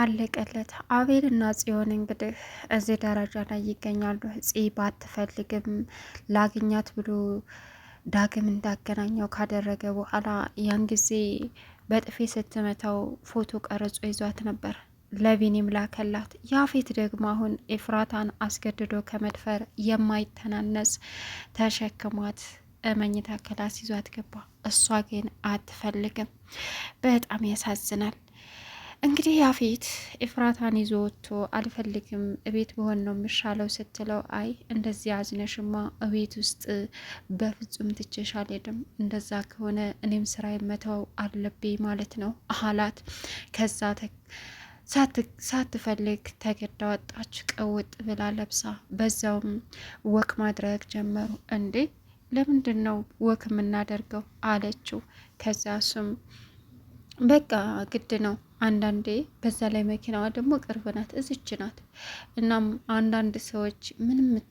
አለቀለት። አቤል እና ጽዮን እንግዲህ እዚህ ደረጃ ላይ ይገኛሉ። ጽ ባትፈልግም ላግኛት ብሎ ዳግም እንዳገናኘው ካደረገ በኋላ ያን ጊዜ በጥፌ ስትመታው ፎቶ ቀርጾ ይዟት ነበር። ለቢኒም ላከላት። ያፌት ደግሞ አሁን ኤፍራታን አስገድዶ ከመድፈር የማይተናነስ ተሸክሟት መኝታ ክላስ ይዟት ገባ። እሷ ግን አትፈልግም። በጣም ያሳዝናል። እንግዲህ ያፌት ኤፍራታን ይዞ ወጥቶ አልፈልግም እቤት በሆን ነው የምሻለው ስትለው፣ አይ እንደዚህ አዝነሽማ እቤት ውስጥ በፍጹም ትቼሽ አልሄድም። እንደዛ ከሆነ እኔም ስራ የመተው አለብኝ ማለት ነው አላት። ከዛ ሳትፈልግ ተገዳ ወጣች፣ ቀውጥ ብላ ለብሳ። በዛውም ወክ ማድረግ ጀመሩ። እንዴ ለምንድን ነው ወክ የምናደርገው አለችው። ከዛ እሱም በቃ ግድ ነው አንዳንዴ በዛ ላይ መኪናዋ ደግሞ ቅርብ ናት፣ እዝች ናት። እናም አንዳንድ ሰዎች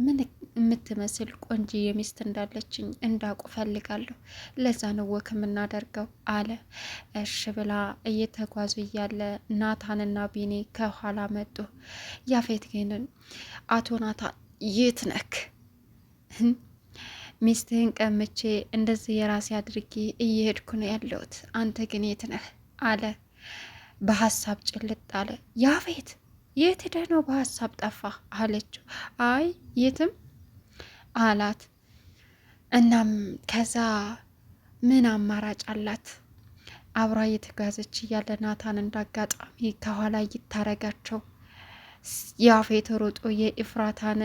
ምን የምትመስል ቆንጂ የሚስት እንዳለችኝ እንዳውቁ ፈልጋለሁ። ለዛ ነው ወክ የምናደርገው አለ። እሽ ብላ እየተጓዙ እያለ ናታንና ቢኒ ከኋላ መጡ። ያፌት ግን አቶ ናታን የት ነክ ሚስትህን ቀምቼ እንደዚህ የራሴ አድርጌ እየሄድኩ ነው ያለሁት፣ አንተ ግን የት ነህ አለ በሀሳብ ጭልጥ አለ። ያፌት የት ሄደህ ነው በሀሳብ ጠፋ አለችው። አይ የትም አላት። እናም ከዛ ምን አማራጭ አላት? አብራ እየተጓዘች እያለ ናታን እንዳጋጣሚ ከኋላ እይታረጋቸው ያፌት ሮጦ የኢፍራታን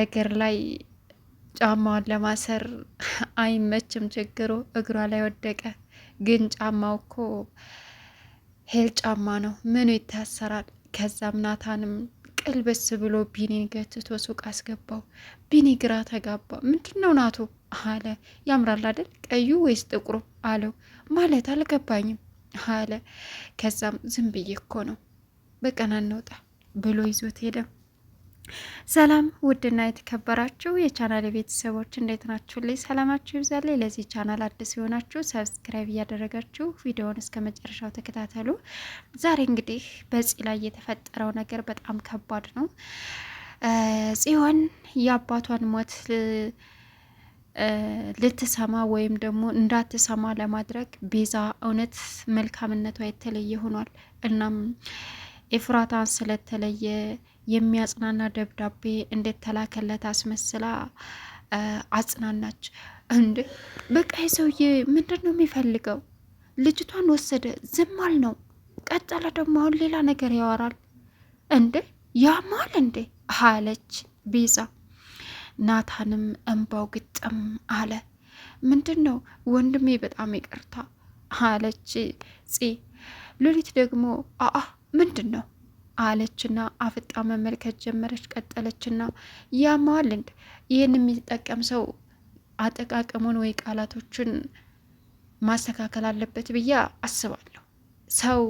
እግር ላይ ጫማዋን ለማሰር አይመችም፣ ችግሩ እግሯ ላይ ወደቀ። ግን ጫማው እኮ ሄል ጫማ ነው ምኑ ይታሰራል። ከዛም ናታንም ቅልብስ ብሎ ቢኒን ገትቶ ሱቅ አስገባው። ቢኒ ግራ ተጋባ። ምንድን ነው ናቶ አለ። ያምራል አይደል ቀዩ ወይስ ጥቁሩ አለው። ማለት አልገባኝም አለ። ከዛም ዝም ብዬ እኮ ነው በቀን ብሎ ይዞት ሄደም። ሰላም ውድና የተከበራችሁ የቻናል ቤተሰቦች እንዴት ናችሁ? ላይ ሰላማችሁ ይብዛልኝ። ለዚህ ቻናል አዲስ የሆናችሁ ሰብስክራይብ እያደረጋችሁ ቪዲዮውን እስከ መጨረሻው ተከታተሉ። ዛሬ እንግዲህ በፂ ላይ የተፈጠረው ነገር በጣም ከባድ ነው። ጽዮን የአባቷን ሞት ልትሰማ ወይም ደግሞ እንዳትሰማ ለማድረግ ቤዛ እውነት መልካምነቷ የተለየ ሆኗል። እናም ኤፍራታን ስለተለየ የሚያጽናና ደብዳቤ እንዴት ተላከለት አስመስላ አጽናናች። እንዴ በቃ ሰውዬ ምንድን ነው የሚፈልገው? ልጅቷን ወሰደ፣ ዝማል ነው ቀጠለ። ደግሞ አሁን ሌላ ነገር ያወራል እንዴ ያማል እንዴ አለች ቤዛ። ናታንም እንባው ግጥም አለ። ምንድን ነው ወንድሜ፣ በጣም ይቅርታ አለች ጽ ሉሊት ደግሞ አአ ምንድን ነው አለችና አፍጣ መመልከት ጀመረች። ቀጠለችና ያማል እንድ ይህን የሚጠቀም ሰው አጠቃቀሙን ወይ ቃላቶችን ማስተካከል አለበት ብዬ አስባለሁ። ሰው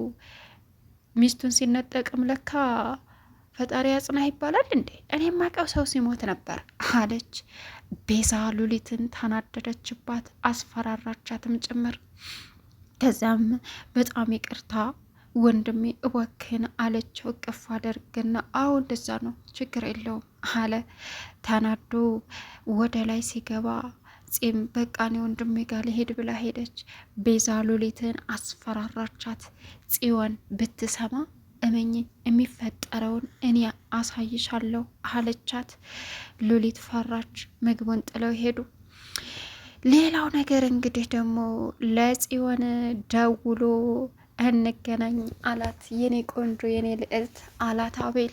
ሚስቱን ሲነጠቅም ለካ ፈጣሪ አጽና ይባላል እንዴ! እኔ የማውቀው ሰው ሲሞት ነበር አለች። ቤዛ ሉሊትን ታናደደችባት፣ አስፈራራቻትም ጭምር። ከዚያም በጣም ይቅርታ ወንድሜ እወክን አለችው። እቅፍ አደርግና አዎ እንደዛ ነው ችግር የለውም አለ ተናዶ ወደ ላይ ሲገባ ፂም በቃኒ ወንድሜ ጋር ሊሄድ ብላ ሄደች። ቤዛ ሉሊትን አስፈራራቻት። ጽዮን ብትሰማ እመኝ የሚፈጠረውን እኔ አሳይሻለሁ አለቻት። ሉሊት ፈራች። ምግቡን ጥለው ሄዱ። ሌላው ነገር እንግዲህ ደግሞ ለጽዮን ደውሎ እንገናኝ አላት። የኔ ቆንጆ የኔ ልዕልት አላት አቤል።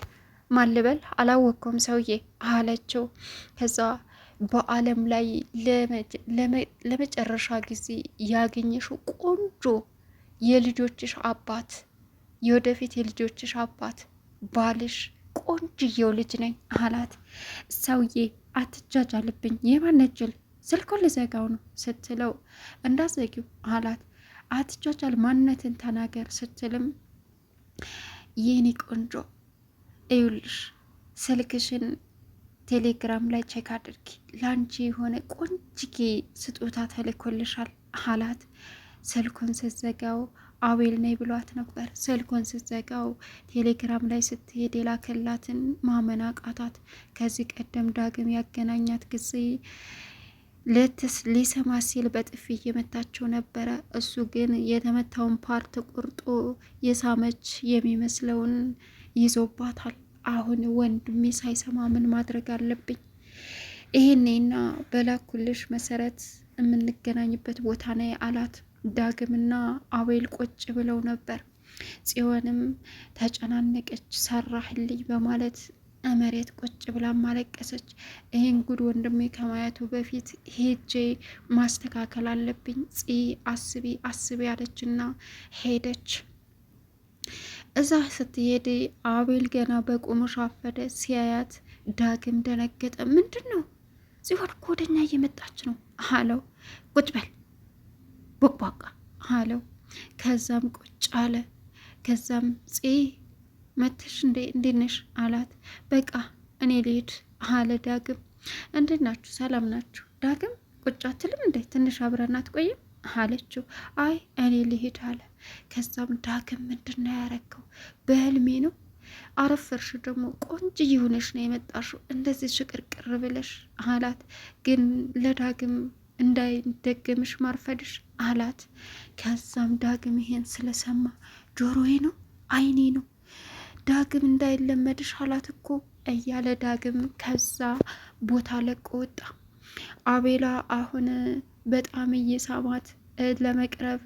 ማልበል አላወቅኩም ሰውዬ አለችው። ከዛ በዓለም ላይ ለመጨረሻ ጊዜ ያገኘሽው ቆንጆ የልጆችሽ አባት የወደፊት የልጆችሽ አባት ባልሽ ቆንጅየው ልጅ ነኝ አላት። ሰውዬ አትጃጃልብኝ የማነችል ስልኮን ልዘጋው ነው ስትለው እንዳዘጊው አላት። አትጃጃል፣ ማንነትን ተናገር ስትልም የኔ ቆንጆ እዩልሽ ስልክሽን ቴሌግራም ላይ ቼክ አድርጊ፣ ለአንቺ የሆነ ቆንጅጌ ስጦታ ተልኮልሻል አላት። ስልኩን ስትዘጋው አቤል ነይ ብሏት ነበር። ስልኩን ስትዘጋው ቴሌግራም ላይ ስትሄድ የላክላትን ማመን አቃታት። ከዚህ ቀደም ዳግም ያገናኛት ጊዜ ለትስ ሊሰማ ሲል በጥፊ እየመታቸው ነበረ። እሱ ግን የተመታውን ፓርት ቁርጦ የሳመች የሚመስለውን ይዞባታል። አሁን ወንድሜ ሳይሰማ ምን ማድረግ አለብኝ? ይህኔና በላኩልሽ መሰረት የምንገናኝበት ቦታ ነ አላት። ዳግምና አቤል ቁጭ ብለው ነበር። ጽዮንም ተጨናነቀች። ሰራህልኝ በማለት መሬት ቁጭ ብላ ማለቀሰች ይህን ጉድ ወንድሜ ከማየቱ በፊት ሄጄ ማስተካከል አለብኝ ጽ አስቢ አስቢ ያለችና ሄደች። እዛ ስትሄድ አቤል ገና በቁሙ ሻፈደ። ሲያያት ዳግም ደነገጠ። ምንድን ነው ጽዮን እኮ ወደኛ እየመጣች ነው አለው። ቁጭ በል ቦቅቧቃ አለው። ከዛም ቁጭ አለ። ከዛም ጽ መተሽ እንዴ እንዴት ነሽ አላት። በቃ እኔ ልሄድ አለ ዳግም። እንዴት ናችሁ? ሰላም ናችሁ? ዳግም ቁጭ አትልም እንዴ ትንሽ አብረን አትቆይም አለችው። አይ እኔ ልሄድ አለ። ከዛም ዳግም ምንድን ነው ያረከው? በህልሜ ነው አረፈርሽ ደግሞ ቆንጆ የሆነሽ ነው የመጣሽው እንደዚህ ሽቅርቅር ብለሽ አላት። ግን ለዳግም እንዳይደገምሽ ማርፈድሽ አላት። ከዛም ዳግም ይሄን ስለሰማ ጆሮዬ ነው አይኔ ነው ዳግም እንዳይለመድሽ አላት እኮ እያለ ዳግም ከዛ ቦታ ለቆ ወጣ። አቤላ አሁን በጣም እየሳማት ለመቅረብ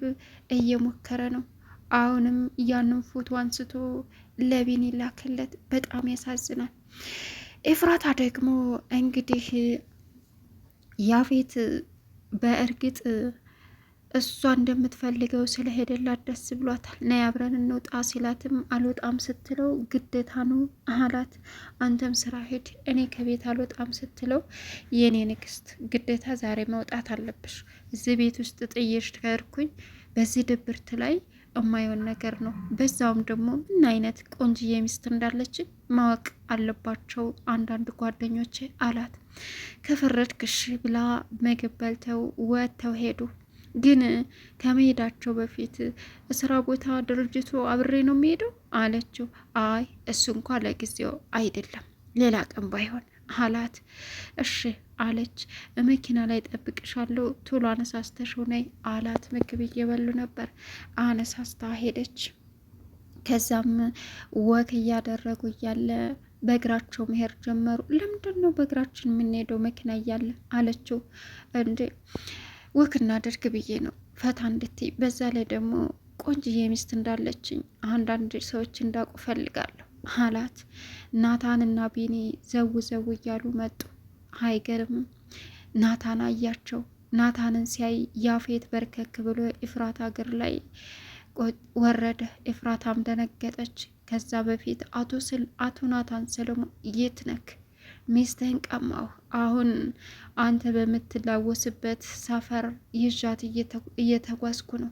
እየሞከረ ነው። አሁንም ያንን ፎቶ አንስቶ ለቢኒ ላክለት። በጣም ያሳዝናል። ኤፍራታ ደግሞ እንግዲህ ያፌት በእርግጥ እሷ እንደምትፈልገው ስለሄደላት ደስ ብሏታል። ነይ አብረን እንውጣ ሲላትም አልወጣም ስትለው ግዴታ ነው አላት። አንተም ስራ ሄድ፣ እኔ ከቤት አልወጣም ስትለው የእኔ ንግስት ግዴታ ዛሬ መውጣት አለብሽ፣ እዚህ ቤት ውስጥ ጥየሽ ከርኩኝ በዚህ ድብርት ላይ እማየውን ነገር ነው። በዛውም ደግሞ ምን አይነት ቆንጅዬ ሚስት እንዳለች ማወቅ አለባቸው አንዳንድ ጓደኞቼ አላት። ከፈረድክሽ ብላ ምግብ በልተው ወጥተው ሄዱ። ግን ከመሄዳቸው በፊት ስራ ቦታ ድርጅቱ አብሬ ነው የሚሄደው አለችው። አይ እሱ እንኳ ለጊዜው አይደለም ሌላ ቀን ባይሆን አላት። እሺ አለች። መኪና ላይ ጠብቅሻለሁ፣ ቶሎ አነሳስተሽው ነይ አላት። ምግብ እየበሉ ነበር። አነሳስታ ሄደች። ከዛም ወክ እያደረጉ እያለ በእግራቸው መሄድ ጀመሩ። ለምንድን ነው በእግራችን የምንሄደው መኪና እያለ አለችው። እንዴ ውክ እናድርግ ብዬ ነው ፈታ እንድትይ። በዛ ላይ ደግሞ ቆንጅዬ ሚስት እንዳለችኝ አንዳንድ ሰዎች እንዳውቁ ፈልጋለሁ አላት። እና ቢኒ ዘው ዘው እያሉ መጡ። አይገርምም? ናታን አያቸው። ናታንን ሲያይ ያፌት በርከክ ብሎ ኢፍራት ሀገር ላይ ወረደ። ኢፍራታም ደነገጠች። ከዛ በፊት አቶ ናታን ሰለሞን የት ነክ ሚስትህን ቀማሁ። አሁን አንተ በምትላወስበት ሰፈር ይዣት እየተጓዝኩ ነው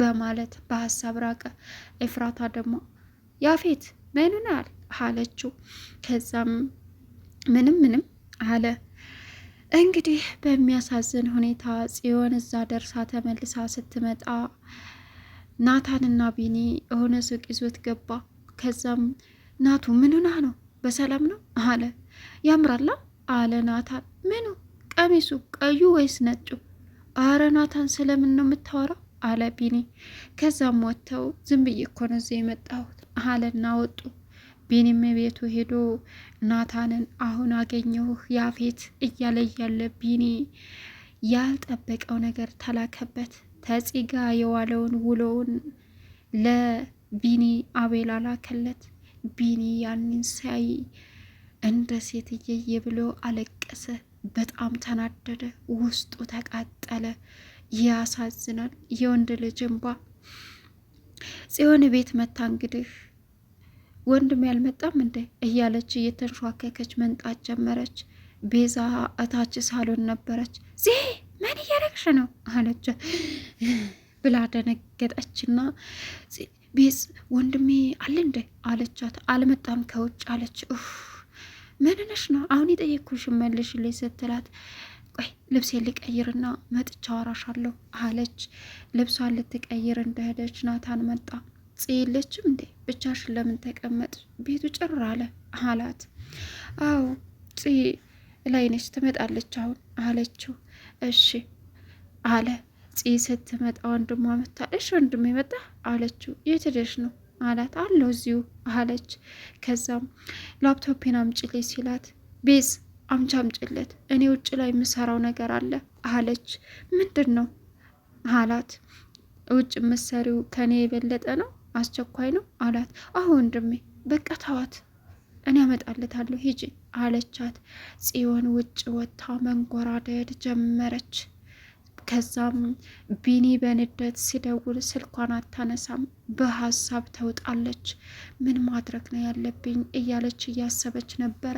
በማለት በሀሳብ ራቀ። ኤፍራታ ደግሞ ያፌት ምንን አለችው። ከዛም ምንም ምንም አለ። እንግዲህ በሚያሳዝን ሁኔታ ጽዮን እዛ ደርሳ ተመልሳ ስትመጣ ናታንና ቢኒ የሆነ ሱቅ ይዞት ገባ። ከዛም ናቱ ምንና ነው በሰላም ነው አለ። ያምራላ አለ ናታን። ምኑ ቀሚሱ ቀዩ ወይስ ነጩ? አረ ናታን ስለምን ነው የምታወራው? አለ ቢኒ። ከዛም ወጥተው ዝም ብዬ እኮ ነው እዚህ የመጣሁት አለና ወጡ። ቢኒም ቤቱ ሄዶ ናታንን አሁን አገኘሁህ ያፌት እያለ እያለ ቢኒ ያልጠበቀው ነገር ተላከበት። ተጽጋ የዋለውን ውሎውን ለቢኒ አቤላ ላከለት። ቢኒ ያንን ሳይ እንደ ሴትዬ ብሎ አለቀሰ። በጣም ተናደደ፣ ውስጡ ተቃጠለ። ያሳዝናል። የወንድ ልጅ እንባ ጽዮን ቤት መታ እንግዲህ ወንድም ያልመጣም እንዴ እያለች እየተንሸዋከከች መንጣት ጀመረች። ቤዛ እታች ሳሎን ነበረች። ዜ ምን እያረግሽ ነው አለች ብላ ደነገጠችና ቤዝ ወንድሜ አለ እንዴ አለቻት። አልመጣም ከውጭ አለች። ምንነሽ ነው አሁን የጠየቅኩሽ መልሽልኝ ስትላት ቆይ ልብሴ ልቀይርና መጥቻ አወራሻለሁ አለች። ልብሷን ልትቀይር እንደሄደች ናታን መጣ። ጽየለችም እንዴ ብቻሽን ለምን ተቀመጥ? ቤቱ ጭር አለ አላት። አዎ ጽ ላይ ነች ትመጣለች አሁን አለችው። እሺ አለ ጽ ስትመጣ ወንድሟ መታ። እሺ ወንድሜ መጣ አለችው። የት ሄደሽ ነው አላት። አለው እዚሁ አለች። ከዛም ላፕቶፔን አምጭልኝ ሲላት ቤዝ አምቻ አምጭለት እኔ ውጭ ላይ የምሰራው ነገር አለ አለች። ምንድን ነው አላት። ውጭ መሰሪው ከኔ የበለጠ ነው አስቸኳይ ነው አላት። አሁ ወንድሜ በቃ ተዋት እኔ ያመጣለታለሁ ሂጂ አለቻት። ጽዮን ውጭ ወጥታ መንጎራደድ ጀመረች። ከዛም ቢኒ በንደት ሲደውል ስልኳን አታነሳም። በሀሳብ ተውጣለች። ምን ማድረግ ነው ያለብኝ እያለች እያሰበች ነበረ።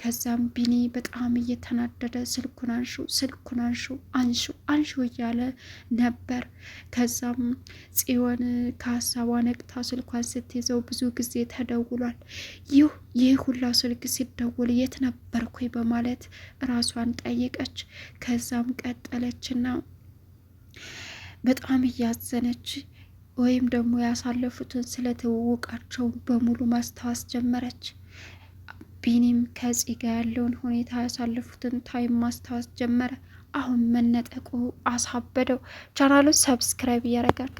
ከዛም ቢኒ በጣም እየተናደደ ስልኩን አንሹ፣ ስልኩን አንሹ፣ አንሹ፣ አንሹ እያለ ነበር። ከዛም ጽዮን ከሀሳቧ ነቅታ ስልኳን ስትይዘው ብዙ ጊዜ ተደውሏል። ይህ ይህ ሁላ ስልክ ሲደውል የት ነበርኩኝ በማለት ራሷን ጠይቀች ከዛም ቀጠለችና በጣም እያዘነች ወይም ደግሞ ያሳለፉትን ስለ ትውውቃቸው በሙሉ ማስታወስ ጀመረች። ቢኒም ከፂ ጋር ያለውን ሁኔታ ያሳለፉትን ታይም ማስታወስ ጀመረ። አሁን መነጠቁ አሳበደው። ቻናሉን ሰብስክራይብ እያረጋጋ